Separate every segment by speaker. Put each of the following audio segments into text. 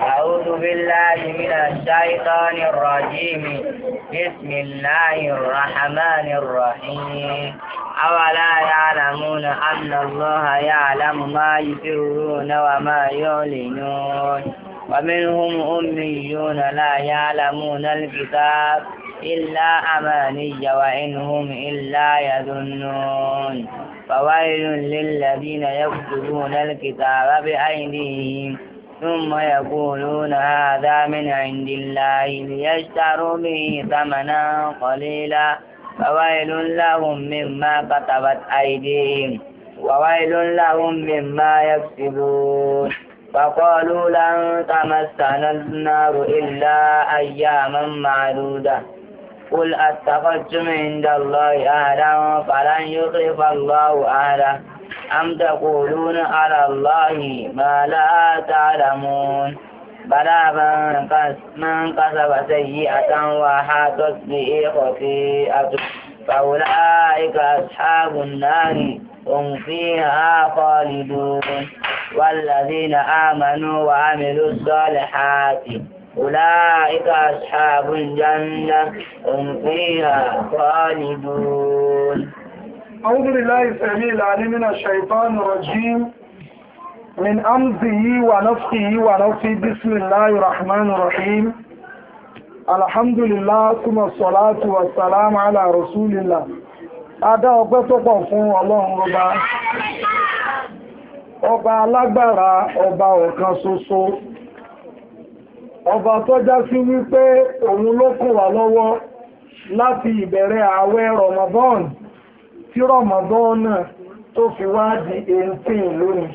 Speaker 1: أعوذ بالله من الشيطان الرجيم بسم الله الرحمن الرحيم أولا يعلمون أن الله يعلم ما يسرون وما يعلنون ومنهم أميون لا يعلمون الكتاب إلا أماني وإنهم إلا يظنون فويل للذين يكتبون الكتاب بأيديهم ثم يقولون هذا من عند الله ليشتروا به ثمنا قليلا فويل لهم مما كتبت أيديهم وويل لهم مما يكسبون فقالوا لن تمسنا النار إلا أياما معدودة قل أتخذتم عند الله أهلا فلن يخلف الله أهله أم تقولون على الله ما لا تعلمون بلى من, من كسب سيئة وحاطت به خطيئته فأولئك أصحاب النار هم فيها خالدون والذين آمنوا وعملوا الصالحات أولئك أصحاب الجنة هم فيها خالدون
Speaker 2: أعوذ بالله السميع العليم من الشيطان الرجيم من أمزه ونفخه ونفخه بسم الله الرحمن الرحيم الحمد لله ثم الصلاة والسلام على رسول الله Adá ọpẹ́ tó pọ̀ fún ọba. Ọba alágbára ọba ọ̀kan ṣoṣo. Ọba tó já sí wípé òun ló kù wá lọ́wọ́ láti ìbẹ̀rẹ̀ ààwẹ̀ tí rọmọdún náà tó fi wá di eighteen lónìí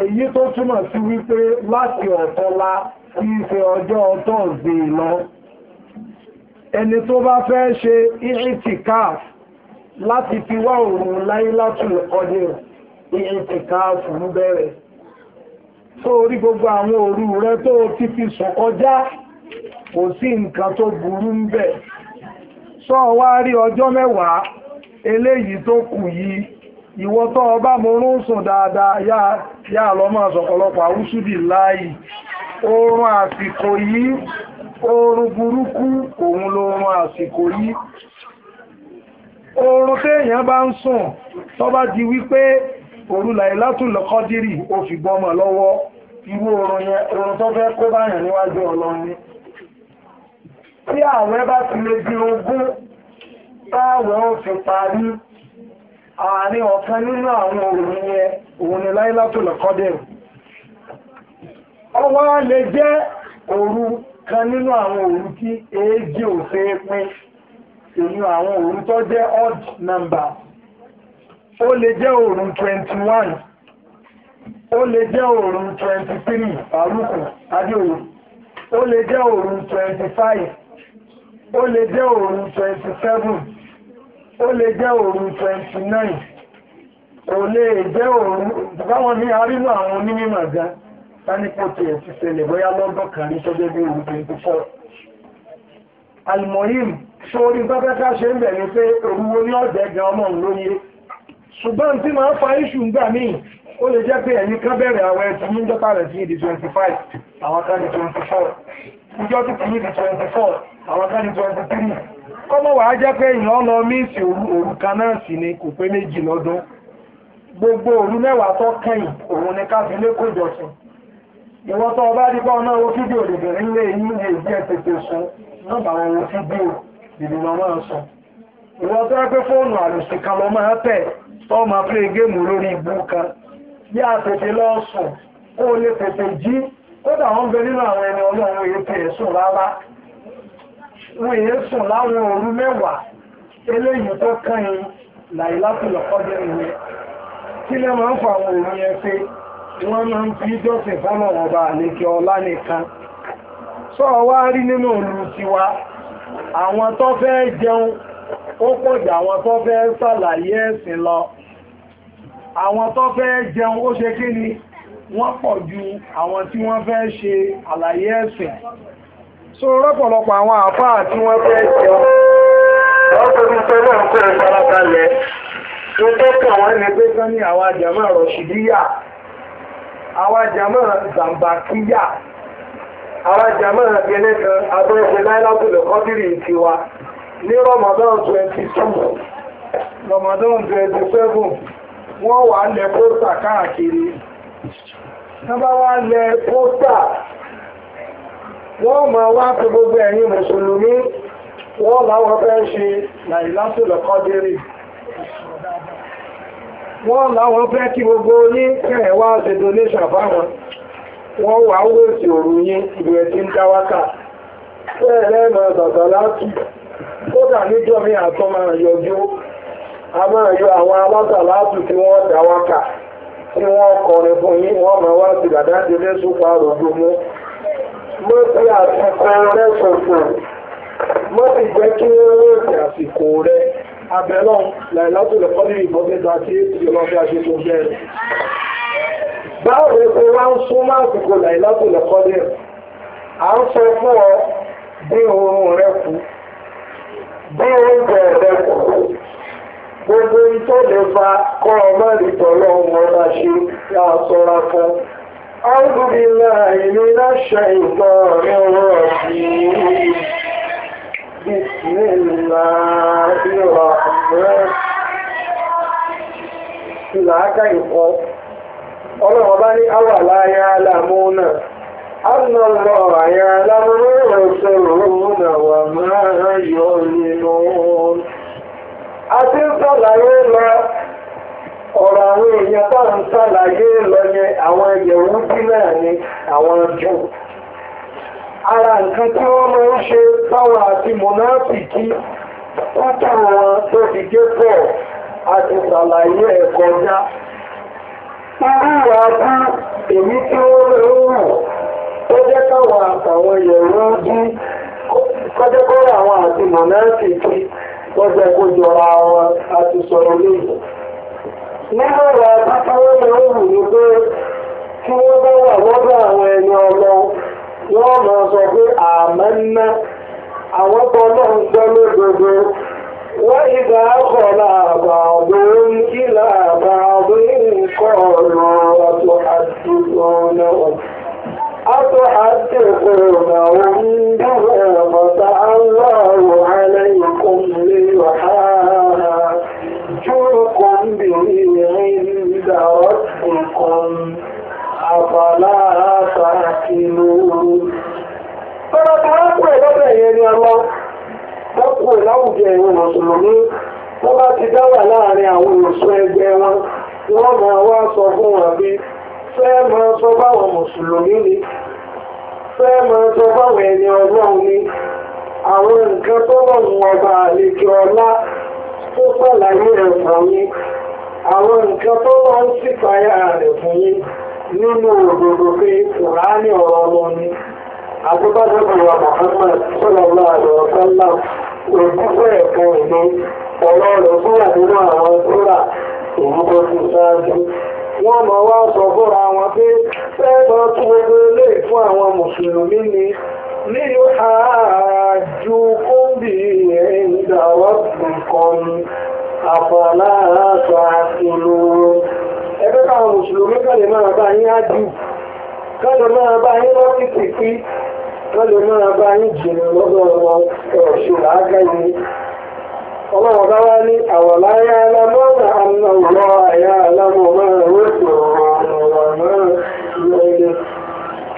Speaker 2: èyí tó túmọ̀ sí wípé láti ọ̀tọ́lá kí ṣe ọjọ́ ọtọ́ ògbè lọ ẹni tó bá fẹ́ ṣe itikaf láti fi wá òun láyé látùlẹ̀ ọdẹ itikaf ń bẹ̀rẹ̀ tó orí gbogbo àwọn òru rẹ tó ti fi sùn kọjá kò sí nǹkan tó burú ń bẹ̀ sọ wá rí ọjọ́ mẹ́wàá eléyìí tó kù yìí ìwọ tó ọba morún sùn dáadáa yá lọ́mọ àsọ̀pọ̀lọpọ̀ àwúsùdì láàyè oorun àsìkò yìí oorun burúkú òun lóorun àsìkò yìí oorun téèyàn bá ń sùn tó bá di wípé òru Lailatul Qadri ó fi gbọ́mọ lọ́wọ́ irú oorun tó fẹ́ kó báyàn níwájú Ọlọ́run tí àwẹ̀ bá ti lè di ogún táàwẹ̀ ó fi parí àárín ọ̀kan nínú àwọn òòrùn yẹn òun ni Laylatul Qadr ọwọ́ lè jẹ́ òru kan nínú àwọn òru tí èéjì ò fẹ́ pín èyí àwọn òru tó jẹ́ odd number ó lè jẹ́ òru 21 ó lè jẹ́ òru 23 àrùkù ó lè jẹ́ òru 25 ó lè jẹ́ òru 27 ó lè jẹ́ òru 29 ó lè jẹ́ òru báwọn ní arínú àwọn onímọ̀ gan sánípòtì ẹ̀ ti ṣẹlẹ̀ bóyá lọ́dọ̀ kan ní sọ́jẹ́ bí òru 24 almohim sórí bábẹ́ká ṣe ń bẹ̀rẹ̀ pé òru wo ní ọ̀dẹ̀ gan ọmọ lóye ṣùgbọ́n tí máa ń fa iṣu ńgbà míì ó lè jẹ́ pé ẹ̀yin kan bẹ̀rẹ̀ àwọn ẹ̀tún ní ìjọba rẹ̀ sí ìdí 25 àwọn kan ní 24 ìjọ tó kìí di 24 àwọn kan ní 23 kọ́mọ̀ wà á jẹ́ pé èèyàn lọ míìsì òru náà sì ni kò pé méjì lọ́dún gbogbo òru mẹ́wàá tó kẹ́yìn òun ni káfí lẹ́kọ̀ọ́ ìjọsìn ọba dípọ̀ náà wo lè jẹ́ tètè wo máa sọ fóònù lọ máa tẹ̀ máa lórí ibú kan bí o lè tètè jí kódà wọn bẹ nínú àwọn ẹni ọlọ́run èyí tẹ̀ wọ́n èé sùn láwọn òru mẹ́wàá eléyìí tó kàn láì látìlọ̀ kọjá ìwé kí lẹ́ máa ń fa àwọn òru yẹn pé wọ́n máa ń fi jọ́sìn fọ́nà ọba àlejò ọlá nìkan sọ wá rí nínú òru tiwa àwọn tó fẹ́ jẹun ó pọ̀ jù àwọn tó fẹ́ ṣàlàyé ẹ̀sìn lọ àwọn tó fẹ́ jẹun ó ṣe kí ni wọ́n pọ̀ ju àwọn tí wọ́n fẹ́ ṣe àlàyé ẹ̀sìn so rọ́pọ̀lọpọ̀ àwọn àfáà tí wọ́n fẹ́ jọ wọ́n tóbi tó náà kó ìfarabalẹ̀ tó tọ́kàn wọn ni pé sọ́ni àwọn àjàmọ́ rọ̀ṣìdíyà àwọn àjàmọ́ zambakíyà àwọn àjàmọ́ ẹgbẹ́ kan abẹ́ẹ̀fẹ́ kọ́bìrì tiwa ní Ramadan twenty two Ramadan twenty seven wọ́n wà lẹ pósítà káàkiri. Tábà wá lẹ pósítà wọ́n ma wá gbogbo ẹ̀yin mùsùlùmí wọ́n láwọn fẹ́ ṣe làìlásùlọ̀ kọ́dérì wọ́n láwọn fẹ́ kí gbogbo yín kẹ́ẹ̀ wá ṣe donation fáwọn wọ́n wà wó sí òru yín ìlú ẹ̀tí ń fẹ́ẹ̀rẹ́ mọ̀ mo fi àsìkò rẹ ṣòfò mo sì jẹ́ kí wọ́n rò sí àsìkò rẹ abẹ́lọ́ làìlátò lè kọ́ níbi ìbọn mẹ́ta tí èsì ọlọ́fẹ́ aṣètò bẹ́ẹ̀. báwo ni kò wá ń súnmọ́ àsìkò làìlátò lè kọ́ dé à ń sọ fún ọ bí oorun rẹ kú bí oúnjẹ rẹ kú gbogbo ìtọ́lẹ̀ fa kọ́ ọ má rí tọ́lọ́ ọmọ ọba ṣe yá a sọ́ra fún. أعوذ بالله من الشيطان الرجيم بسم الله الرحمن Ìlàákà ìfọ́, ọlọ́run bá ní àwà láyá lámúnà, àmọ́lọ́ àyá lámúnà sọ̀rọ̀ múnà wà máa yọ nínú. A ti ń sọ̀láyé èèyàn bá ń sàlàyé lọ yẹn àwọn yẹ̀wù bí ni àwọn jù ara nǹkan tí wọ́n máa ń ṣe báwọn àti mọ̀nàfìkì pátá wọn tó fi dé pọ̀ àti sàlàyé ẹ̀ kọjá irú àbú èmi tí ó rẹ̀ ó rù tó jẹ́ káwọn àtàwọn yẹ̀wù bí kọjẹ́kọ́rọ̀ àwọn àti mọ̀nàfìkì wọ́n jẹ́ kó jọra wọn àti sọ̀rọ̀ lóyún nínú rẹ̀ bákanáà ni ó wù pé kí wọ́n bá wà lọ́dọ̀ àwọn ẹni ọlọ wọ́n máa sọ pé àmọ́ ná àwọn tó náà ń gbọ́ lódodo wọ́n ìgbà kọ̀ọ̀lá àbàbò ń kílà àbàbò ń kọ̀ ọ̀rọ̀ ọ̀tọ̀ àdúgbò náà. أتحدثونهم بما فتح الله عليكم ليحاجوا بِهِ عِندَ رَبِّكُمْ أَفَلَا تَعْقِلُونَ Tọ́lá tí wọ́n pè lọ́bẹ̀ yẹn ni ọlọ́, wọ́n pè láwùjọ ìwọ̀n Mùsùlùmí, wọ́n bá ti dáwà láàrin àwọn òṣù ẹgbẹ́ wọn, wọ́n máa wá sọ fún wọn bí fẹ́ máa sọ báwọn Mùsùlùmí ni, fẹ́ máa sọ báwọn ẹni ọlọ́run ni, àwọn nǹkan tó lọ́run ọba àlejò ọlá ó sàlàyé rẹ̀ àwọn nǹkan tó wá ń sípayá rẹ̀ fún yín nínú òdòdó pé kùránì ọ̀rọ̀ ọmọ ni àgbébájọ́bọ̀wà Muhammad sọ́lọ́lá àlọ́sọ́lá òjúfẹ́ ẹ̀kọ́ ìlú ọ̀rọ̀ rẹ̀ fúnra nínú àwọn tóra èyí tó ṣáájú wọ́n mọ̀ wá sọ fúnra wọn pé fẹ́ẹ́ lọ tún gbogbo ilé fún àwọn mùsùlùmí ni ليحاجوكم به عند ربكم أفلا تعقلون ẹgbẹ́ káwọn mùsùlùmí kọ́lẹ̀ máa bá yín ájú kọ́lẹ̀ máa bá yín lọ́kì pípí kọ́lẹ̀ máa bá yín jìnnà lọ́dọ̀ wọn ẹ̀ṣù lágbàáyé ọlọ́run bá wá ní máa rẹ̀ ọ̀rọ̀ náà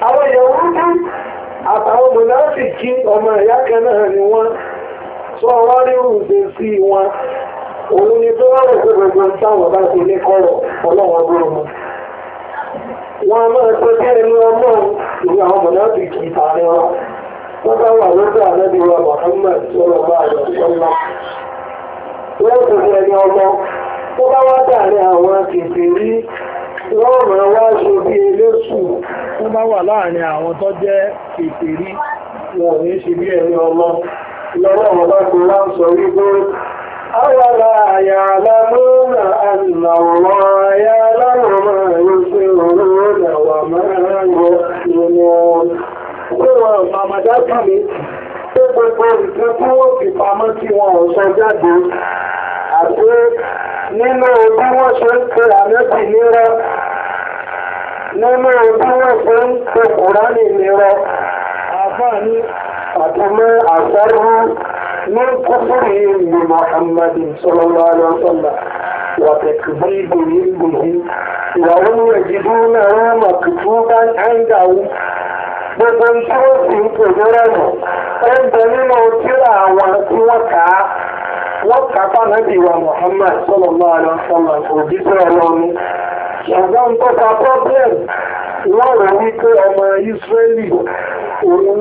Speaker 2: àwọn àtàwọn mọ̀nàfìkì ọmọ ẹ̀yà kan náà ni wọ́n sọ wá sí wọn òun ni tó wọ́n bá ti ní kọ́rọ̀ ọlọ́wọ́n gbọ́rọ̀ mọ́ wọn a máa pẹ́ bí ẹni ọmọ àwọn wọn wọ́n bá wà lọ́dọ̀ àlẹ́bí wa Muhammad sọ̀rọ̀ bá àlọ́ sọ́lá wọ́n ẹni wọ́n máa wá ṣe bí eléṣù tó bá wà láàrin àwọn tó jẹ́ ní ṣe bí ẹni ọmọ lọ́wọ́ wọn bá ti wá sọ wípé awàlá àyà alámúnà ànàwọ̀ àyà alámúnà pamọ́ nínú bí wọ́n ṣe ń pe àmẹ́bì nírọ́ nínú bí wọ́n ṣe ń pe kùránì nírọ́ àfáàní àtúmọ̀ àṣọ́rú ní kúkúrú ìlú Muhammad sallallahu alaihi wasallam وتكذيب به وهم يجدونه مكتوبا عنده gbogbo iṣẹ́ òsì ń pè lórẹ́nu ó ń bẹ nínú tíra àwọn tí wọ́n kà á wọ́n kápá nábì wa Muhammad sallallahu alaihi wasallam òjíṣẹ́ ọlọ́run ṣùgbọ́n tọ́ta problem lọ́rọ̀ wípé ọmọ Ísírẹ́lì òun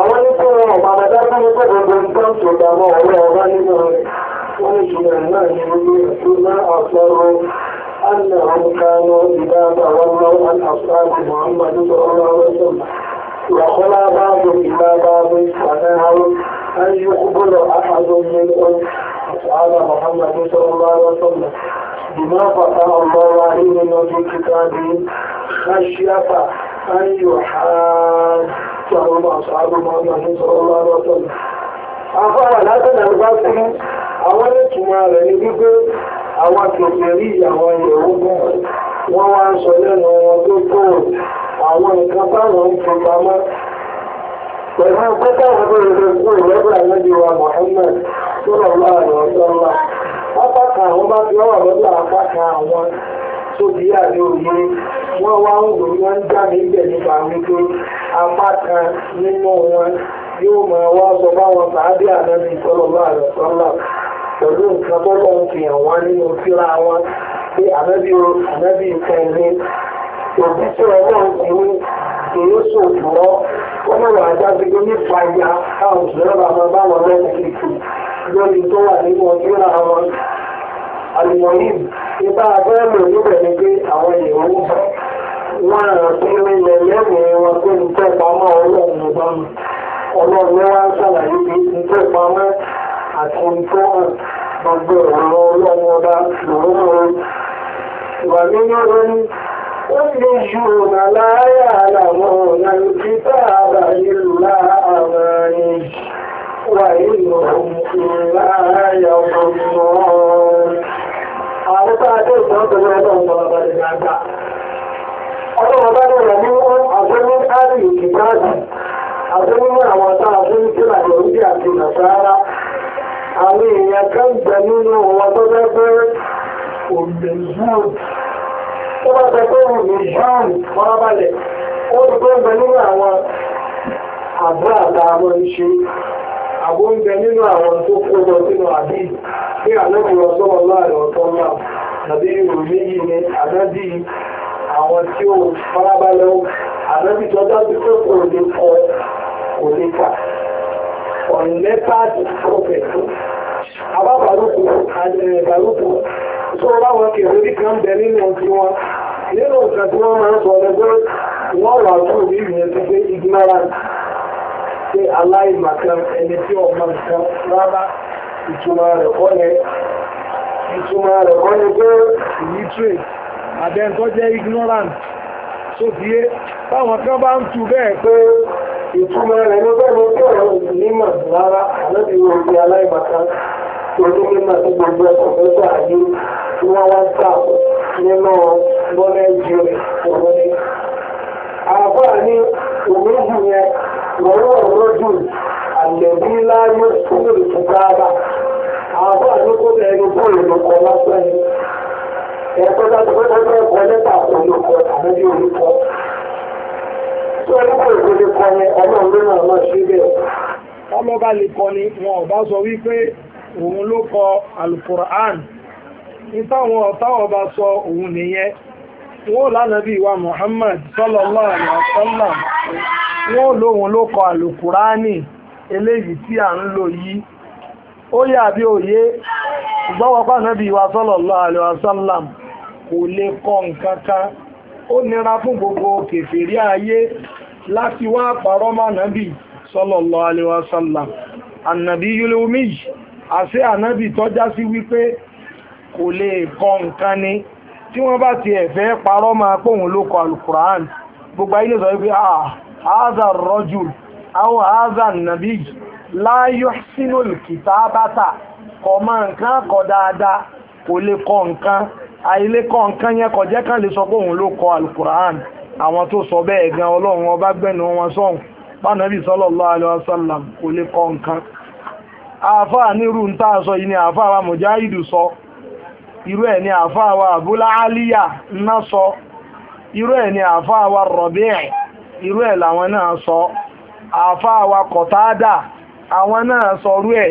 Speaker 2: àwọn ní fún wọn ọ̀pá àdá fún mi pẹ̀lú gbogbo nǹkan tó dá mọ́ ọ̀rọ̀ ọ̀rá nínú rẹ̀ wọ́n ní ṣùgbọ́n náà ní orí ẹ̀sùn náà àfẹ́rọ أنهم كانوا إذا تولوا عن أصحاب محمد صلى الله عليه وسلم وخلا بعض إلى بعض فنهوا أن يقبل أحد منهم أصحاب محمد صلى الله عليه وسلم بما فتح الله عليه في كتابه خشية أن يحاد tí àwọn ọmọ àṣà àgbọmọ ọmọ látọ̀nà bá fún àwọn ìtumọ̀ rẹ̀ ní gbígbé àwọn kèké rí àwọn ìyẹ̀wò gbọ́n wọ́n wá ń sọ lẹ́nu wọn tó tó àwọn nǹkan táwọn ń fi pamọ́ pẹ̀lú pẹ́tàwọn tó lè fi kú ìrẹ́bù àlejò wa Muhammad tó lọ́wọ́ àlọ́ sọ́lá apá kan àwọn bá fi ọwọ́ lọ́dọ̀ apá kan àwọn tó di àmì òye wá ń wò wọ́n ń mi bẹ̀ nípa wípé apá kan nínú wọn yóò máa wá sọ báwọn sàábì ànábì sọlọ́lá rẹ̀ sọ́lá pẹ̀lú nǹkan tó lọ́n fi hàn wá nínú síra wọn pé ànábì ànábì nǹkan ní òbí tí ọlọ́run ti ní kìí sòfòrọ́ wọ́n mọ̀ wá jáde pé nípa ìyá káwọn òṣèré bàbá báwọn lọ́wọ́ kìkì lórí tó wà nínú síra wọn àlùmọ́yìn ipa abẹ́rẹ́ níbẹ̀ ni pé àwọn èèyàn ń bọ̀ wọ́n rẹ̀ sí ilẹ̀ lẹ́mìí wọn pé nítẹ́ pamọ́ ọlọ́run ọba mi ọlọ́run ni wọ́n ń ṣàlàyé bí nítẹ́ pamọ́ àti nítọ́ hàn gbogbo ọ̀rọ̀ ọlọ́run ọba lòróró ìwà nínú lórí ó lè ju ọ̀nà láyà àlàmọ́ ọ̀nà ìfipá àbáyé lùlá àwọn ẹ̀yìn wà nínú ọ̀hún láyà ọ̀gbọ̀n tó ìtàn tó ní ọlọ́run lọ bá lè máa gbà. ọlọ́run bá lè rẹ̀ ní wọ́n àṣẹ ní àárín òkè káàdì àṣẹ nínú àwọn tá a fún sí àjọ orí àti nàṣàrà àwọn èèyàn kan jẹ nínú wọn tó fẹ́ pé òmìnirú tó bá sọ pé òmìnirú fọ́nrábalẹ̀ ó ti pé ń bẹ nínú àwọn àbúrò àtàwọn ìṣe àbó ń bẹ nínú àwọn tó kó lọ sínú àbí bí àlọ́ ìwọ̀sọ́wọ́ láàrin ọ̀tọ́ náà àbí ìrò méjì ni ànábì àwọn tí ó farabalẹ̀ ó ànábì tó dájú pé kò lè kọ kò lè kà ọ̀nẹ́pàdì prophet abábàlùkù àdẹ̀bàlùkù tó láwọn kèrè ní kan bẹ nínú ọtí wọn nínú nǹkan tí wọ́n máa ń sọ ọ̀rẹ́gbẹ́ wọ́n wà fún ìlú ìyẹn tó pé ignorant ṣe aláìmọ̀kan ẹni tí ọmọ nǹkan rárá ìtumọ̀ rẹ̀ kọ́ yẹn ìtumọ̀ rẹ̀ kọ́ ni pé illiterate àbẹ́ntọ́ jẹ́ ignorant so fi yé báwọn kan bá ń tu bẹ́ẹ̀ pé ìtumọ̀ rẹ̀ ní bẹ́ẹ̀ kẹ́rọ nímọ̀ rárá àlọ́bí orí aláìmọ̀kan tó ní mímọ̀ ní gbogbo ẹ̀kọ́ mẹ́fà ayé tí wọ́n wá ń tà nínú nọ́lẹ́jì kó lè lọ kọ lásán yìí ẹ̀kọ́ dájú pé wọ́n fẹ́ kọ olùkọ́ tàbí bí olùkọ́ tó lè ni ọlọ́run ló sọ wípé òun ló kọ alukur'an ìtàwọn ọba sọ òun nìyẹn Muhammad ló alukur'ani eléyìí tí à ń lò yìí ó yà bí ìgbọ́wọ́pá nàbí wa sallallahu alaihi wasallam kò lè kọ nǹkan kan ó nira fún gbogbo kèfèrí ayé láti wá pàrọ́ mọ́ nàbí sallallahu alaihi wasallam ànàbí yulumi àṣẹ ànàbí tọ́já sí wípé kò lè kọ nǹkan ni tí wọ́n bá ti ẹ̀fẹ́ parọ́ máa pòun ló kọ alukuraan gbogbo ayé sọ wípé àhàzà rọ́jù àwọn àhàzà ọmọ nǹkan kọ dáadáa kò lè kọ nǹkan àìlè kọ nǹkan yẹn jẹ́ lè sọ pé òun ló kọ alukur'an àwọn tó sọ bẹ́ẹ̀ gan ọlọ́run ọba gbẹ̀nu wọn sọ̀hún bánàbí sallallahu alaihi wasallam kò lè kọ nǹkan àáfàá a sọ yìí ni àáfàá wa mùjáhìdù sọ irú ẹ̀ ni wa àbúlá ńná sọ irú ẹ̀ ni wa irú ẹ̀ làwọn náà sọ wa kọ̀tádà àwọn náà ẹ̀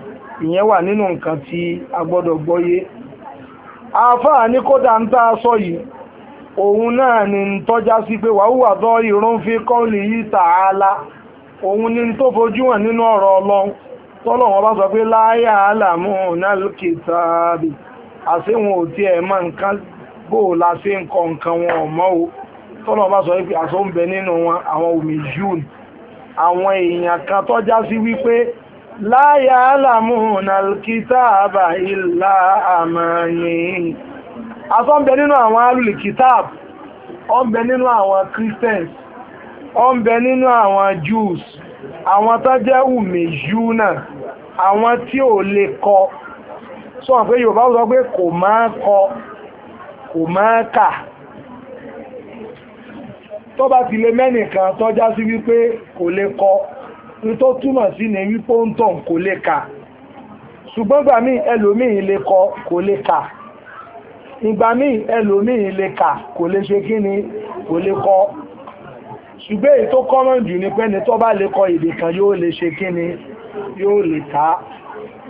Speaker 2: ìyẹn wà nínú nǹkan tí a gbọ́dọ̀ gbọ́yé àáfàá ní kódà ń tá a sọ yìí òun náà ni ń tọ́já sí pé wàhùwà tó ìrún fi kọ́ọ̀lì yìí tààlà òun ni tó fojú hàn nínú ọ̀rọ̀ ọlọ́run tọ́lọ́wọ́n bá sọ pé láyà àlàmú nálùkìtàbí àṣehun ò tiẹ̀ mọ nǹkan bó o la ṣe ń kọ nǹkan wọn ò mọ́ o tọ́lọ́wọ́n bá sọ pé àṣọ ń bẹ nínú wọn àwọn òmìjúùn àwọn èèyàn kan tọ́já sí wípé láyà alámúnà kìtàbà ìlà àmàní asọ́nbẹ nínú àwọn alùlì kìtàb ọ̀nbẹ nínú àwọn christians ọ̀nbẹ nínú àwọn jews àwọn tó jẹ́ ùmẹ̀jú náà àwọn tí ò lè kọ sọ̀rọ̀ pé yorùbá sọ pé kò máa kọ kò máa kà tó bá ti lè mẹ́nìkan tó já sí wípé kò lè kọ ní tó túmọ̀ sí ni wípé ó ń tàn kò lè kà ṣùgbọ́n gbà míì ẹlòmíì lè kọ kò lè kà ìgbà míì ẹlòmíì lè kà kò lè ṣe kí ni kò lè kọ ṣùgbọ́n èyí tó kọ́mọ̀ jù ni pé tó bá lè kọ èdè kan yóò lè ṣe kí ni yóò lè kà á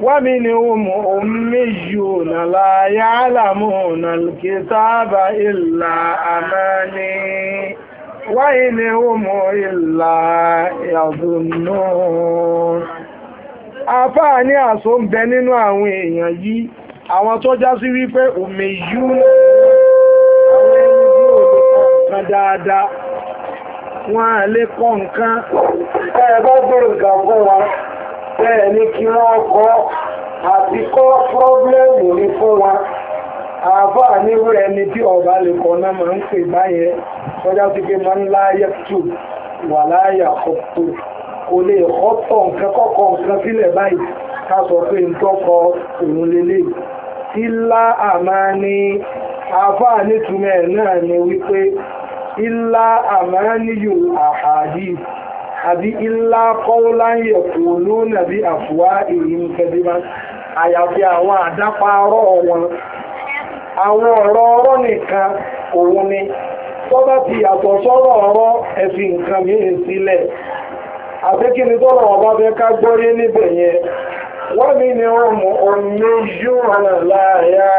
Speaker 2: wámi ni ọmọ omiyo nàlá yálà mọ̀ nàlùkẹ́ sábà ìlà àmàlẹ́. وإن هم إلا يظنون àfáà ní àṣọ ń bẹ nínú àwọn èèyàn yìí àwọn tó já sí wípé òmè yú àwọn ẹni bí lè kọ nǹkan ẹ bá gbèrò nǹkan wa bẹ́ẹ̀ ni kí wọ́n kọ́ àti kọ́ pírọ́blẹ́mù ní fún wa àáfàá níwúrẹ́ ni tí ọba lè kọ́ náà máa ń pè báyẹn sọ́jà ti pé máa ń láyà tù wà láyà ọ̀tọ̀ kò lè ọ̀tọ̀ nǹkan kọ́kọ́ nǹkan sílẹ̀ báyìí ká sọ pé ń tọ́kọ òun lélẹ̀ ilá àmà ni àáfàá nítumẹ̀ náà ni wípé ilá àmà níyù àhàdì àbí ilá kọ́wọ́láyẹ̀ kò lónà bí àfùwá èyí ń kẹ́dí máa àyàfi àwọn àdápárọ̀ wọn àwọn ọ̀rọ̀ ọ̀rọ̀ nìkan òun ni tó bá ti yàtọ̀ sọ́rọ̀ ọ̀rọ̀ ẹ̀fì nǹkan mìíràn sílẹ̀ àti kí ni ọba fẹ́ ká gbọ́yé níbẹ̀ yẹn wọ́n mi ni wọ́n mú ọ̀nẹ́yùnà láàyà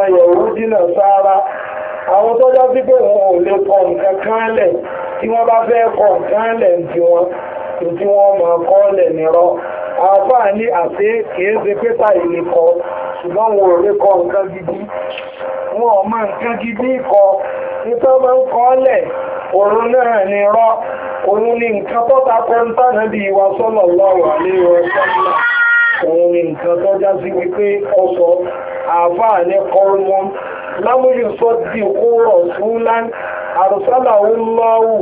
Speaker 2: àwọn dínà sára àwọn tó já sí pé wọn ò lè kọ nǹkan kan lẹ̀ tí wọ́n bá fẹ́ kọ nǹkan lẹ̀ tí wọ́n tí wọ́n máa kọ́ lẹ̀ nírọ́ àáfàá ní àṣẹ kìí ṣe pé táyì lè kọ ṣùgbọ́n wọn ò lè kọ nǹkan gidi wọn ò máa nǹkan gidi kọ nítorí wọn máa ń kọ́ lẹ̀ òun náà nírọ́ òun ni nǹkan tó takọ ń tànà bí wa sọ́nà lọ́wọ́ àléwọ̀ sọ́nà òun ni nǹkan tó já sí wípé ọ̀sọ̀ àáfàá ní kọ́rùn lámúyù sọ́dí kúrọ̀ súlán àrùsálàwúlọ́wù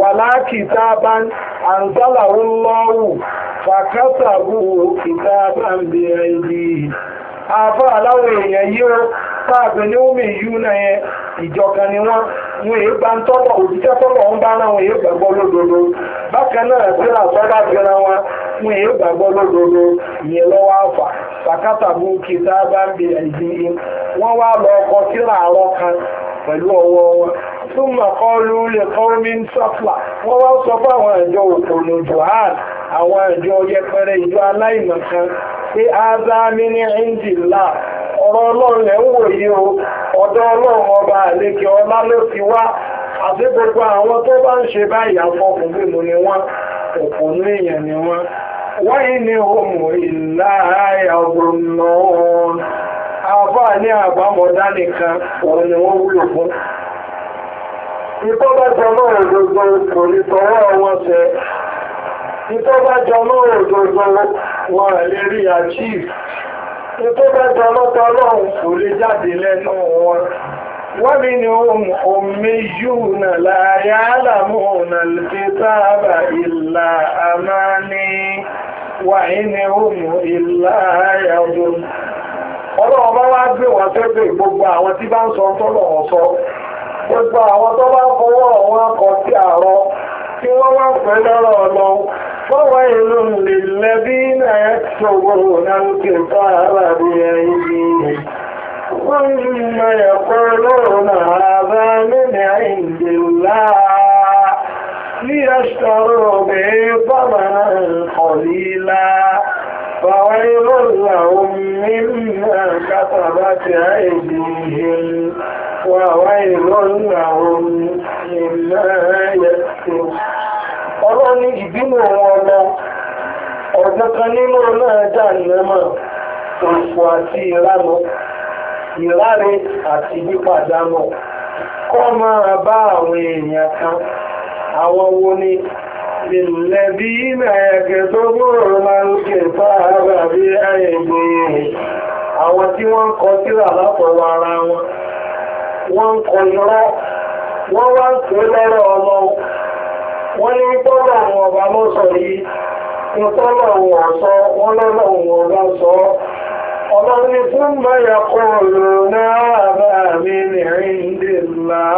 Speaker 2: wàlákìtàbán àrùsálàwúlọ́wù fàkátàbù ìtàbán bí ẹ̀dì àfá aláwọ̀ èèyàn yí ó táàbí ní omi yú na yẹn ìjọkan ni wọ́n wọ́n èé gba ń tọ́lọ̀ tọ́lọ̀ ń bá náà wọ́n èé gbàgbọ́ lódodo bákan náà sí àtọ́gbà fẹ́ra wọn wọn èyí gbàgbọ́ lódodo ìyẹn lọ́wọ́ àfà bàkátà mú kí tá wọn ń in wọ́n wá lọ ọkọ̀ àárọ̀ kan pẹ̀lú ọwọ́ wọn fún mọ̀kọ́lù lè sọ́fà wọ́n wá sọ àwọn johan àwọn yẹpẹrẹ ìjọ pé azami ní ọ̀rọ̀ ọlọ́run ẹ̀ ń wòye o ọlọ́run ọba àlekè ọlá ló ti wá gbogbo àwọn tó bá ń ṣe báyìí àfọkùnrin mu ni wọn. òpònú èèyàn ni wọ́n wáyé ní ohun ìlà ọgbọ̀n àbá ní àbámọ̀dá nìkan ni wọ́n wúlò fún ìtọ́bájọ náà òdòdó kò lè tọwọ́ wọn ṣe ìtọ́bájọ náà òdòdó wọn lè rí ìtọ́bájọ náà tọ́lọ́hùn kò lè jáde lẹ́nu wọn ومنهم أميون لا يعلمون الكتاب إلا أماني وإن هم إلا يظن ọlọ́run bá wá gbé wá sẹ́gbẹ̀ gbogbo àwọn tí bá ń sọ tọ́lọ̀ wọn sọ gbogbo àwọn tó bá fọwọ́ àwọn akọ sí àárọ̀ wọ́n wá pẹ́ lọ́rọ̀ lọ fọwọ́ ìlú náà ṣòwò náà na-ahaza ila. ọzimnya pọ ụụa anịrata ọhụrụ ere baahụọlilaawaeụhụe a eje waụya ọaji dinwea ọgbaa n'ime ụlaja nama watilamụ ìráre àti pípàdánù kọ́ máa bá àwọn èèyàn kan àwọn wo ni lèlẹ́bí mẹ́ẹ̀kẹ́ tó gbòòrò máa ń kè fáàrà bí àìgbè àwọn tí wọ́n kọ síra lápọ̀lọ́ ara wọn wọ́n kọ irọ́ wọ́n wá ń pè lọ́rọ̀ ọmọ wọ́n ní wọn ọba yìí wọ́n lọ́lọ́ ọba ọlọ́run ní fún mẹ́rẹ̀ kọrọ̀ náà bá mi nìrin dè láà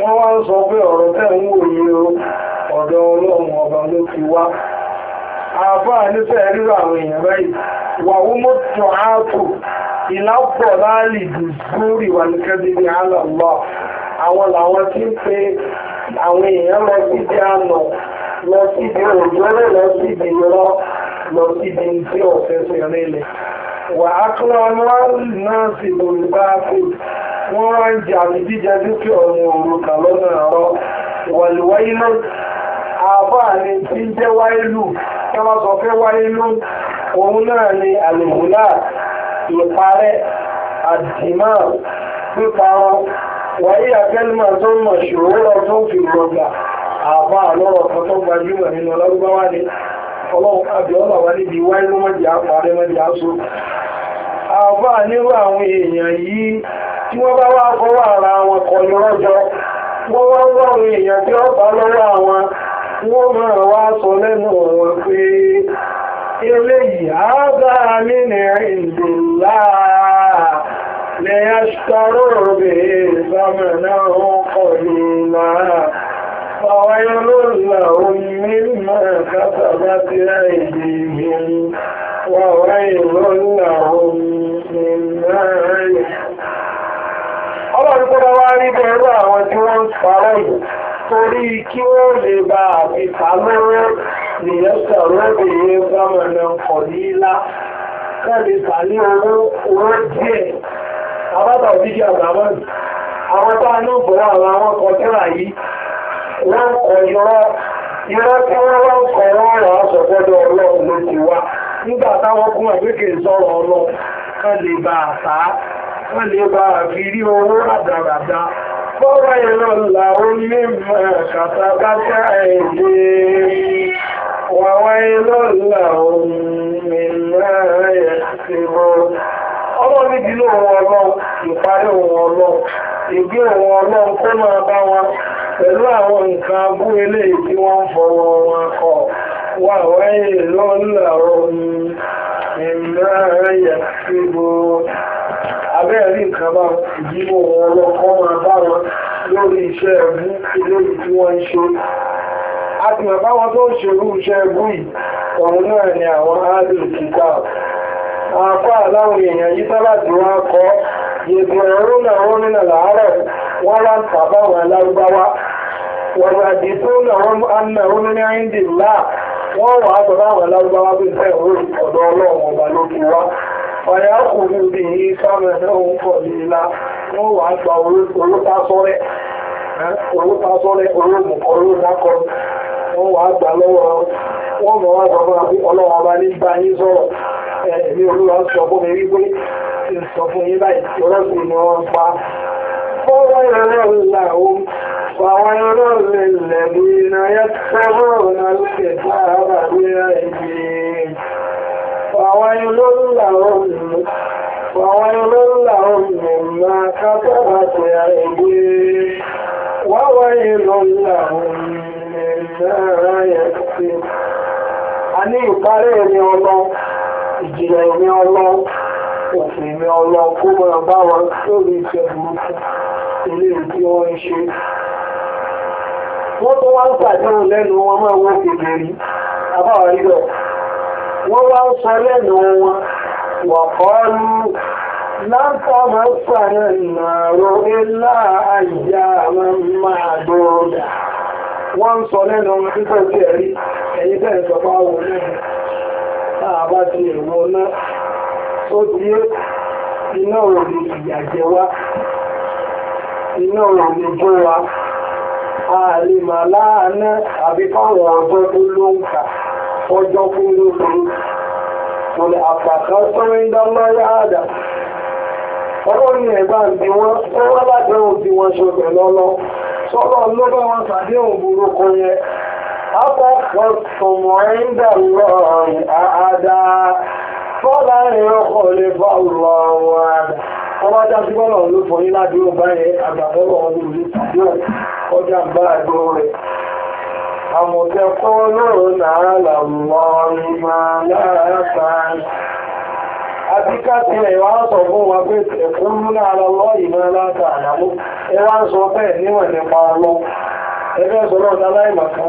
Speaker 2: wọ́n wá ń sọ pé ọ̀rọ̀ tẹ́ ń wòye o ọ̀dọ̀ ọlọ́run ọba ló ti wá àfáà wà ní kẹ́bíbí àlọ́lọ́ àwọn làwọn tí ń pe àwọn èèyàn lọ síbi àná lọ síbi òjò lọ síbi irọ́ lọ síbi tí ọ̀fẹ́ sọ̀rọ̀ ilẹ̀ wà á kọ́lá aláàrùn náà sì lórí bá fi wọ́n wá ń jẹ àmì jíjẹ dúkìá ọ̀run òrùka lọ́nà àárọ̀ ìwàlúwáyé náà àbáà ni tí ń jẹ́ wáìlú tí wọ́n sọ fẹ́ wáìlú òun náà ni àlùmùlà ìparẹ́ àdìmá píparun wáyé àfẹ́lùmọ̀ tó ń mọ̀ ṣòro tó ń fi rọgbà àbáà lọ́rọ̀ kan tó gbajúmọ̀ nínú ọlọ́gbọ́n wá ni. ọlọ́run àbí ọlọ́run wá níbi wáyé mọ́mọ́dì àpàdé mọ́dì àṣọ àbá nírú àwọn èèyàn yìí tí wọ́n bá wá fọwọ́ ara wọn kọ̀ rọ́jọ́ wọ́n wá èèyàn tí bá lọ́rọ̀ àwọn wọ́n wá sọ lẹ́nu pé وويل لهم مما كسبت أيديهم وويل لهم مما Ọlọ́run kó bá wá rí bẹ̀rù àwọn tí wọ́n ń parọ́ yìí torí kí wọ́n lè bá àfihàn lọ́wọ́ nìyẹ́sà lóbìnrin gbọ́mọ̀nà kọ̀ nílá kẹ́lì sàlẹ̀ owó owó díẹ̀. Àbátà òbí di àgbàmọ́nì, àwọn tá a àwọn àwọn yìí wọ́n kọ irọ́ tí wọ́n wá kọ wọ́n rà á ọlọ́run ló ti wá nígbà táwọn kún àgbékè sọ̀rọ̀ ọlọ́run kan lè bá a ọlọ́run níbi ló wọn ọlọ́run ìparí òun ọlọ́run ìgbé òun ọlọ́run kó máa bá wọn pẹ̀lú àwọn nǹkan abú eléyìí tí wọ́n ń fọwọ́ wọn kọ wà wáyé lọ́lọ́rọ̀ ìmọ̀ràn yẹ sí gbogbo abẹ́ẹ̀rí nǹkan bá ìdíbò wọn ọlọ́kọ́ máa bá wọn lórí iṣẹ́ ẹ̀bú eléyìí tí wọ́n ń ṣe a ti mọ̀ báwọn tó ń ṣerú iṣẹ́ ẹ̀bú yìí ọ̀run náà ni àwọn áàdùn kìtà àwọn ala àláwọn èèyàn yìí sábà akọ wọ́n kọ́ yègbè ọ̀rún náà wọ́n nínú làárọ̀ wọ́n wá ń tàbá àwọn alárúbáwá wọ́n wá di tó náà wọ́n náà wọ́n ní àìndì ńlá wọ́n wà á tọ́lá àwọn alárúbáwá bí fẹ́ orí ẹ̀mí olúwa sọ fún mi wípé sọ fún yín báyìí ọlọ́sìn ni wọ́n pa fọ́wọ́ ìrọ̀lẹ́ làwọn وويل للذين يكتبون الكتاب بأيديهم وويل لهم وويل لهم مما كتبت أيديهم وويل لهم مما يكسبون. A ní ìparẹ́ ìjìyà ẹ̀mí ọlọ́run òfin ẹ̀mí ọlọ́run kó máa bá wọn lórí ìfẹ́ burúkú eléyìí tí wọ́n ń ṣe. wọ́n tó wá ń pàdánù lẹ́nu wọn máa wọ́n kéde rí abáwá rí bẹ́ẹ̀. wọ́n wá ń sọ lẹ́nu wọn wà kọ́ọ́lù látàmọ́ sàrẹ̀ nàró ilá àyà máa dọ́ọ̀dà. wọ́n ń sọ lẹ́nu wọn títọ́ sí ẹ̀rí ẹ̀yìn bẹ́ẹ̀ sọ fáwọn lẹ́nu. àbá ti ẹ̀wọ̀ náà ó ti iná ò lè iná wa a lè mà láàánú àbí fáwọn ọjọ́ tó ló ń kà fọjọ́ fún àpàkà sọ́rìndà lọ́yà àdà ọlọ́run ní ẹ̀bá ìdí tó wọ́n ṣe wọn tàbí òun burúkú أتخذتم عند الله أحدا فلن يخلف الله وعده ọba dájú bọ́lọ̀ ló fún ní láti ó báyẹ ọdún ìlú tàbí ọjà ń bá àgbò rẹ̀ àmọ̀tẹ́kọ́ lóòrùn náà làmọ́ ìmọ̀ sọ fún wa pé náà lọ́lọ́ ìmọ̀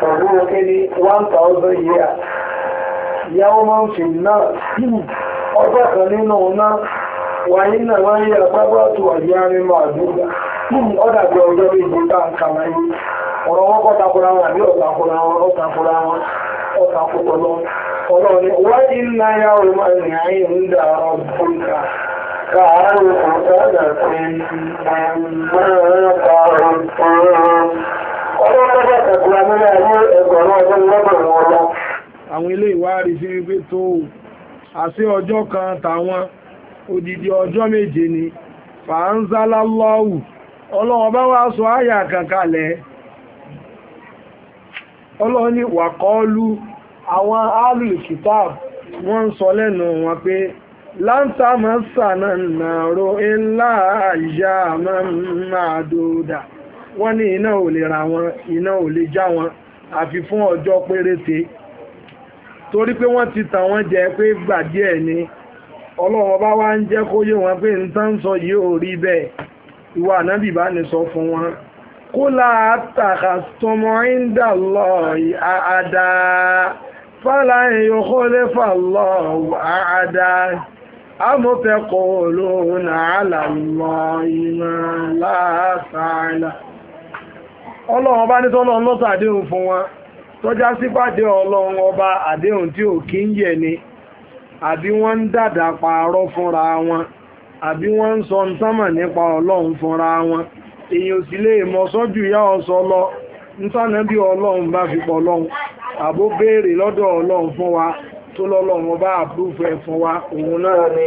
Speaker 2: فهو كني 1000 year يوم في النار ọjọ́ kan nínú ọ̀nà wàyí náà wọ́n yẹ pápá tó àyè arínú àdúgbà ọ̀dà bí ọjọ́ méje bá ń kàwá yìí ọ̀rọ̀ wọn kọ́ takura wọn àbí ọ̀takura wọn ọ̀takura wọn ọ̀rọ̀ ni wáyé ó máa ń dà máa ń àwọn ilé ìwárí sí wípé tó ọjọ́ kan tàwọn odidi ọjọ́ méje ni wá sọ áyà kankalẹ̀ wàkọ́ọ́lú àwọn wọ́n sọ lẹ́nu wọn pé láńtàmọ́sà náà àyà máa wọ́n ní iná ò lè ra wọn iná ò lè já wọn àfi fún ọjọ́ péréte torí pé wọ́n ti tà wọ́n jẹ pé gbà díẹ̀ ni ọlọ́run ọba wa ń jẹ́ kó yé wọn pé nǹkan ń sọ yìí ò rí bẹ́ẹ̀ ìwà ànábì bá ní sọ fún wọn kó láà tàkà tọmọ ìndà lọ àdá fàlà ìyókò lè lọ àdá amọ̀fẹ́kọ̀ọ́ lóhùn àlàlọ́ ìmọ̀ láàtàlà. ọlọ́run ọba ní tọ́lọ́run lọ́tọ̀ àdéhùn fún wa tọ́já sípàdé ọlọ́run ọba àdéhùn tí ò kí ń yẹ̀ ni àbí wọ́n ń dàdà pààrọ̀ fúnra wọn àbí wọ́n ń sọ ntánmà nípa ọlọ́run fúnra wọn èèyàn sì lè mọ sọ́jú ìyá ọ̀sọ́ lọ ntánàbí ọlọ́run bá fi pọ̀ lọ́hùn àbó béèrè lọ́dọ̀ ọlọ́run fún wa tó lọ́lọ́run ọba àbúrúfẹ́ fún wa òun náà ni.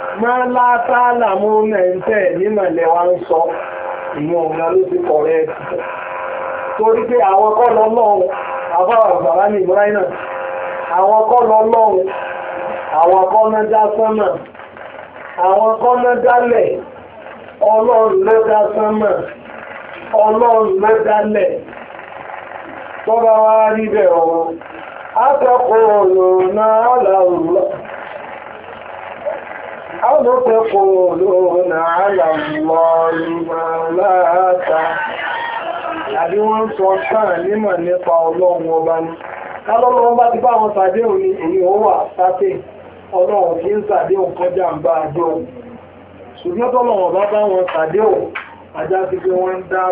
Speaker 2: máa látàlà mú nẹ̀ǹtẹ̀ nímọ̀lẹ̀ wa ń sọ ìyẹn ọ̀nà ló ti kọ̀ rẹ̀ torí pé àwọn kọ́ lọ lọ́run àbáwọ̀ bàbá ní ìmúráìnà àwọn kọ́ lọ lọ́run àwọn kọ́ náà dá sánmà àwọn kọ́ náà dálẹ̀ ọlọ́run ló dá sánmà ọlọ́run ló dálẹ̀ tọ́ba wa rí ọ̀run. Àtọ́kùn òòrùn náà làwùrọ̀. أو تقولون على الله ما لا Àbí wọ́n ń sọ sáà nímọ̀ nípa ọlọ́run ọba ní. Kálọ́rọ̀ ọba ti bá wọn sàdé èyí wà ọlọ́run kọjá bá Ṣùgbọ́n tọ́lọ̀wọ̀n bá bá wọn sàdé ti wọ́n ń dá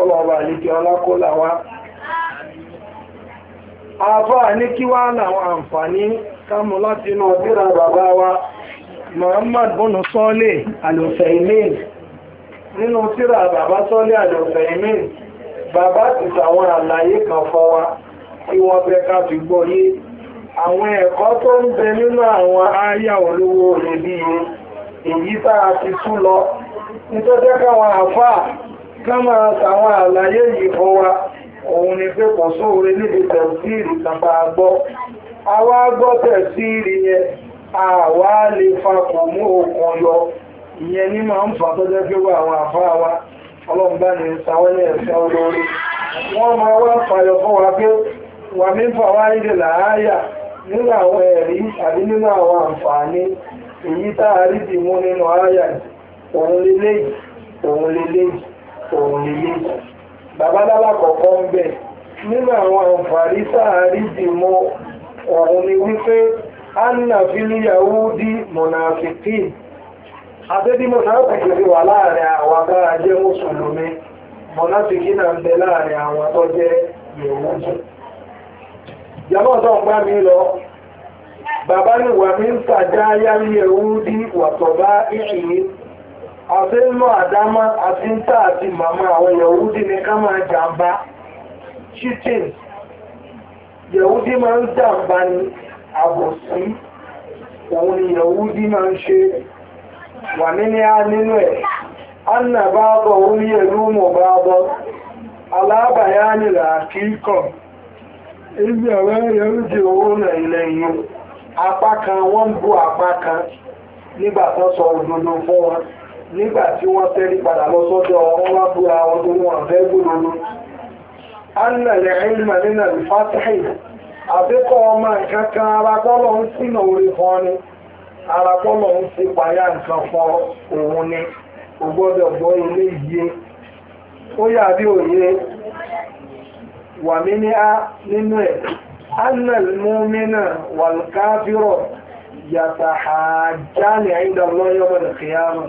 Speaker 2: ọba ní. àfáà ní kí wá làwọn àǹfààní kámú láti inú ọdíra bàbá wa Muhammad bọ́nà sọ́ọ́lẹ̀ Al-Uthaymin nínú tíra bàbá sọ́ọ́lẹ̀ Al-Uthaymin bàbá ti sàwọn àlàyé kan fọ́ wa tí wọ́n fẹ́ ká fi gbọ́ yé àwọn ẹ̀kọ́ tó ń bẹ nínú àwọn ááyà olówó rèébíye èyí tá a ti tú lọ nítorí káwọn àfáà ká máa sàwọn àlàyé yìí fọ́ wa òun ni pé kò sóore níbi tẹ̀síìrì kàtà a wá gbọ́ tẹ̀síìrì yẹn àwa lè fapọ̀ mú òkun yọ ìyẹn ní máa ń fà pé wà àwọn àfáà wa ọlọ́mbà ní ìsàwọ́lẹ̀ ẹ̀sẹ̀ olórí wọ́n máa wá fún wa pé wà mí fà wá ìdè làáyà nínú àwọn ẹ̀rí àbí nínú àwọn àǹfààní bàbá lálàkọ̀ọ́kọ́ ń bẹ̀ nínú àwọn àǹfààní sáàárí dìmọ́ ọ̀run ni wípé anna filiyahu di monafikin àtẹ́bímọ̀ sáàpù kìí wà láàrin àwọn bá ajẹ́ mùsùlùmí monafikin náà ń bẹ láàrin àwọn tó jẹ́ yòówù jàmọ́ tó ń gbá mi lọ bàbá ni wà mí ń tàjá yá yẹ̀wú dí ìṣìyí àti nínú àdámá àti ń tà àti màmá àwọn yahudi ní ká máa jàǹbá cheating yahudi máa ń jàǹbá ní àbòsí òun ni yahudi máa ń ṣe wà nínú ẹ, nínú ẹ̀ anna bá bọ̀ orí ẹlú mọ̀ bá bọ̀ alábàáyá kan wọ́n ń bu kan nígbà tó sọ òdodo fún nígbà tí wọ́n tẹ́rí padà lọ sọ́dọ̀ wọn wá búra wọn tó wọn fẹ́ gbòdòdó. anna lè ilmà nínà ìfàtàì àbíkọ́ ọmọ nǹkan kan arakọ́lọ̀ ń sínà orí fún ni arakọ́lọ̀ ń sí payá nǹkan fún òun ni ò gbọ́ ilé yìí ó yà bí òye wà mí ní á nínú ẹ̀ anna múmínà wàlkáfírọ̀ yàtàhàjá ní àìdàlọ́yọ́mọ̀ nìkìyàmọ̀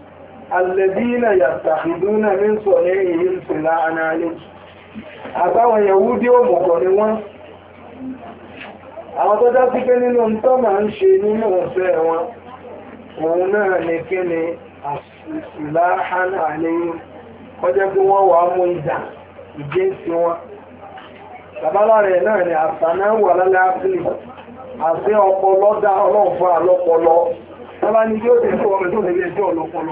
Speaker 2: alẹ́dínà yàtàkìdúnà ní sọ̀lẹ́ èyí ìsìnlá anáàlẹ́ àbáwọn yẹ̀wúdí òmùgọ̀ ni wọ́n àwọn tó dá sí nínú tó ń ṣe nínú ọ̀fẹ́ wọn òun náà ní kí ni ìsìnlá anáàlẹ́ kọjá pé wọ́n wà mú sí wọn babaláre náà ni àtàná wà lálẹ́ áfíríkà àti ọpọlọ dá yóò ọmọ ọlọ́pọlọ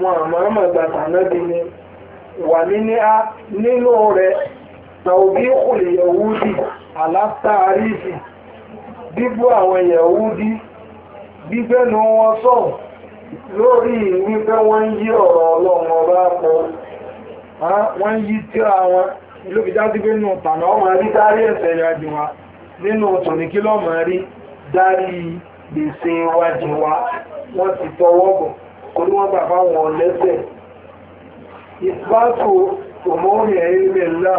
Speaker 2: wọn àmọ́mọ́ gbàtà náà bí ni wà níní á nínú rẹ̀ na òbí kùlì yẹ̀wúdì aláfáàrífì bíbú àwọn yẹ̀wúdì gbígbẹ́nu wọn sọ lórí wípé wọ́n yí ọ̀rọ̀ ọlọ́run pọ̀ wọ́n yí wọn tànà ọmọ rí dárí ẹ̀sẹ̀ ìrìnàjò wa nínú lọ́mọ rí dárí gbèsè wájú wa wọ́n ti tọwọ́ bọ̀ kò ní wọ́n gbà fáwọn lẹ́sẹ̀ ìfàtò òmòrìn ẹ̀yìn mẹ́lá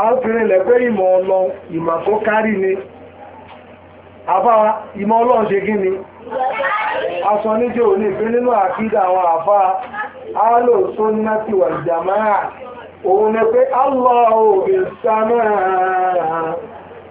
Speaker 2: àáfírin lẹ́pẹ́ ìmọ̀ ọlọ́run ìmọ̀ tó kárí ni àbá ìmọ̀ ọlọ́run ṣe kí ni aṣọ níjẹ́ òní ìpín nínú àkídà àwọn àbá alò tó ná ti wà jàmáà òun ni pé allah ò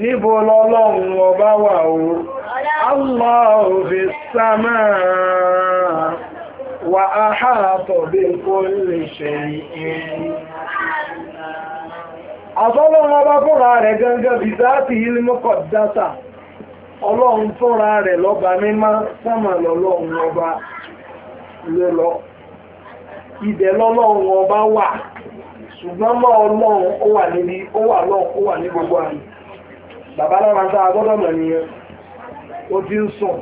Speaker 2: níbo lọ́lọ́run ọba wà o Allahu fi sámà wà áhàtọ̀ bí kò lè ṣe àtọ́lọ́run ọba fúnra rẹ̀ gangan bí záàtì ilmọ́kọ̀ dátà ọlọ́run fúnra rẹ̀ lọ́ba mímá sámà lọ́lọ́run ọba ló lọ ibẹ̀ lọ́lọ́run ọba wà ṣùgbọ́n mọ́ ọlọ́run ó wà níbi ó wà bàbá lára sáà gbọ́dọ̀ mọ̀ nìyẹn ó ti ń sùn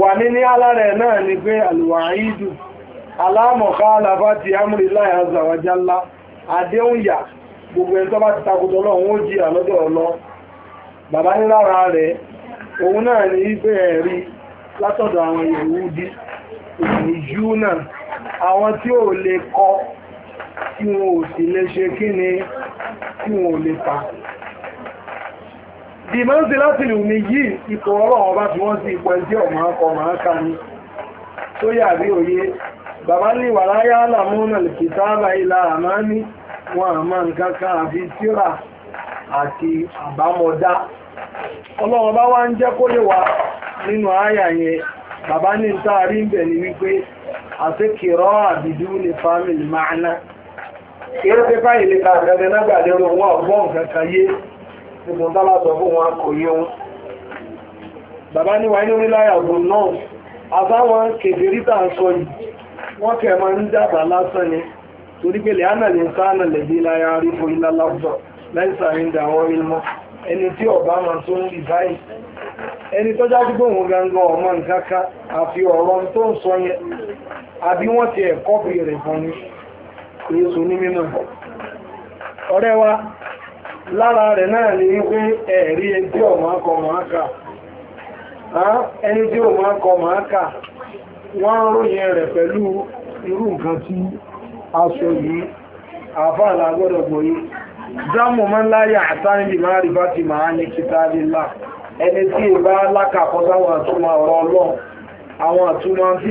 Speaker 2: wà ní ní alára ẹ̀ náà ni pé àlùwàáìdù aláàmọ̀ká alábá ti amúrí láì azàwájálá àdéhùn yà gbogbo ẹni tó bá ti takùtọ̀ ọlọ́run ó jìyà lọ́dọ̀ ọlọ́ bàbá ní lára rẹ̀ òun náà ní ibẹ̀ ẹ̀rí látọ̀dọ̀ àwọn Yẹhudi òní júnà àwọn tí ò lè kọ tí wọn ò sì lè ṣe kí tí wọn ò lè pa bí máa ń ṣe láti lè ní yìí ipò ọ̀rọ̀ ọba tí wọ́n sí ipò ẹjẹ́ ọ̀mà ọkọ̀ máa ká ní tó yà bí òye bàbá ní wàrá yá làmúnà kìtàbà ilà àmá ní wọn àmá nǹkan kan àfi tíra àti àbámọ̀dá ọlọ́run bá wá ń jẹ́ kó lè wà nínú àyà yẹn bàbá ní ntaari ń bẹ̀ ní wípé àti kìrọ́ àbìdú ní fámìlì máa ná kí ó ti fáyìlì kàkàdé nágbàdérò wọn ọgbọ́n kankan yé gbogbo dábàá sọ fún wọn kò yé wọn bàbá ní wáyé orílẹ̀ àgbò náà àbáwọn kèfèrí tà ń sọ yìí wọ́n kẹ̀ máa ń dábàá lásán ni torí pé lẹ́yìn àlè ń sáànà lẹ́bí láyé arífo ilá láwùjọ láìsà ìdá àwọn ilmọ́ ẹni tí ọba máa tó ń rí báyìí ẹni tó jáde pé òun gangan ọmọ nǹkan kan lára rẹ̀ náà ni wípé ẹ̀rí ẹni tí ò máa kọ máa kà ẹni tí máa kọ máa kà wọ́n ń ròyìn rẹ̀ pẹ̀lú irú nǹkan tí a sọ yìí àfáà làgbọ́dọ̀ yìí dámù máa ń láyà àtàríbì máa rí bá ti máa ní kìtàlélà ẹni tí bá lákàkọ́ sáwọn àtúmọ̀ ọ̀rọ̀ àwọn àtúmọ̀ tí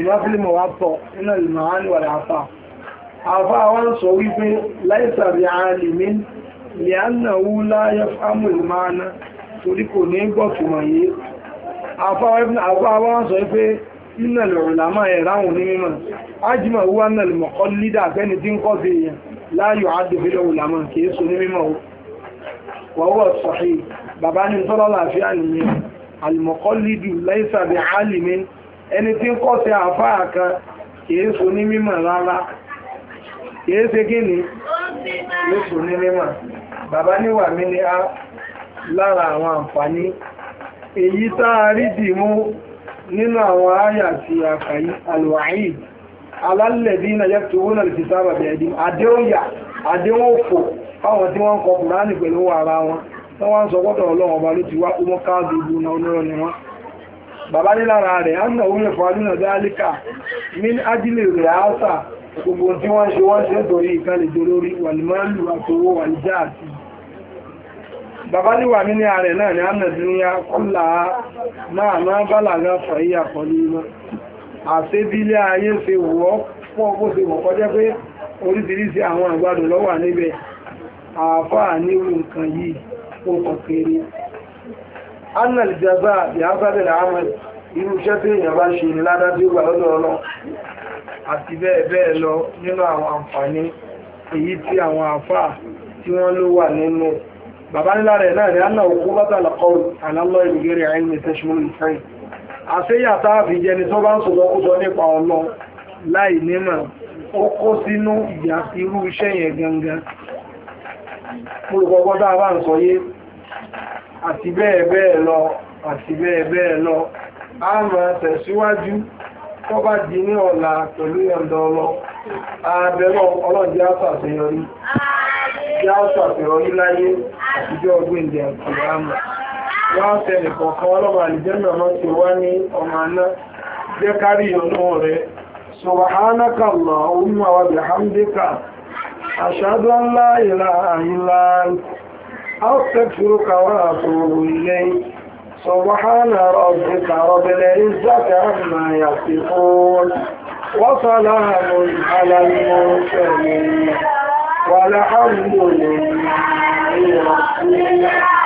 Speaker 2: ìwáfílìmọ̀ wá pọ̀ nínú ìmọ̀hánì wà láfà àfà wá ń sọ wípé láìsàrí àálìmí ni a ń náwó láyé fámù ìmáná torí kò ní gbọ̀tùmọ̀ yìí àfà wá ń sọ wípé nínú ìrọ̀lámà ẹ̀ráhùn ní mímọ̀ ájímọ̀ wá nínú ìmọ̀kọ́ lídà fẹ́ni tí ń kọ́ sí èèyàn láyò àdìbílẹ̀ òlàmà kìí ẹni tí ń kọ́sẹ̀ àfáà kan kìí so ní mímọ̀ rárá kìí ṣe kí ni
Speaker 3: ló so ní mímọ̀
Speaker 2: bàbá níwà mí ni á lára àwọn àǹfààní èyí tá a rí dì mú nínú àwọn àyà àti àkàyí alwàáyì alálẹ̀dí iná yẹ́ tó wúnà lè ti sábà bẹ̀rẹ̀ dì àdéhùyà àdéhùn fáwọn tí wọ́n kọ kùránì pẹ̀lú ara wọn wọ́n wá ń sọ gbọ́dọ̀ ọlọ́run ọba ló ti wá ó mọ́ káàdì ìlú onírọ̀ ni wọ́n bàbá ní lára rẹ̀ ánà orí ẹ̀fọ́ alúnà dáálíkà ní ajílẹ̀ rẹ̀ áásà gbogbo tí wọ́n ṣe wọ́n ṣe torí ìkàlẹ̀dẹ̀ lórí wàlìmọ́lù àtòwò wàlìjá àti bàbá ní wà nínú ààrẹ náà ní ánà dúnyá kúlà náà máa bálàgá fàíyà pọ̀lú mọ́ àṣẹ bí ilé ayé ṣe wọ́ pọ̀ kó ṣe wọ̀ kọjá pé nǹkan yìí ó kọ̀ annal jaza bi hasadil amal irú iṣẹ́ tí èèyàn bá ṣe ládá tí ó gbà lọ́dọ̀ ọlọ́ àti bẹ́ẹ̀ bẹ́ẹ̀ lọ nínú àwọn àǹfààní èyí tí àwọn àfáà tí wọ́n ló wà nínú bàbá nílá rẹ̀ náà ni anna òkú bátàlá kọlù àlálọ́ ìgbèrè àìní mo rò kọ́kọ́ tá bá ń sọ yé àti bẹ́ẹ̀ bẹ́ẹ̀ lọ àti bẹ́ẹ̀ bẹ́ẹ̀ lọ a máa tẹ̀síwájú tó bá di ní ọ̀la pẹ̀lú ẹ̀ndọ̀ ọlọ abẹ́rọ ọlọ́dí a
Speaker 3: ṣàṣeyọrí láyé àtijọ́
Speaker 2: ọgbìn ìdẹ̀ àkùnránà wọ́n tẹ̀lé kọ̀ọ̀kan ti wá ní ọmọ aná jẹ́ kárí ìyọnú rẹ̀ asetokawahatụrụbụ nne soba ha nara di ka ọnere zapi hahụ n'ahịa si ụ gwasa na hị yaọụe walaahụ
Speaker 3: nee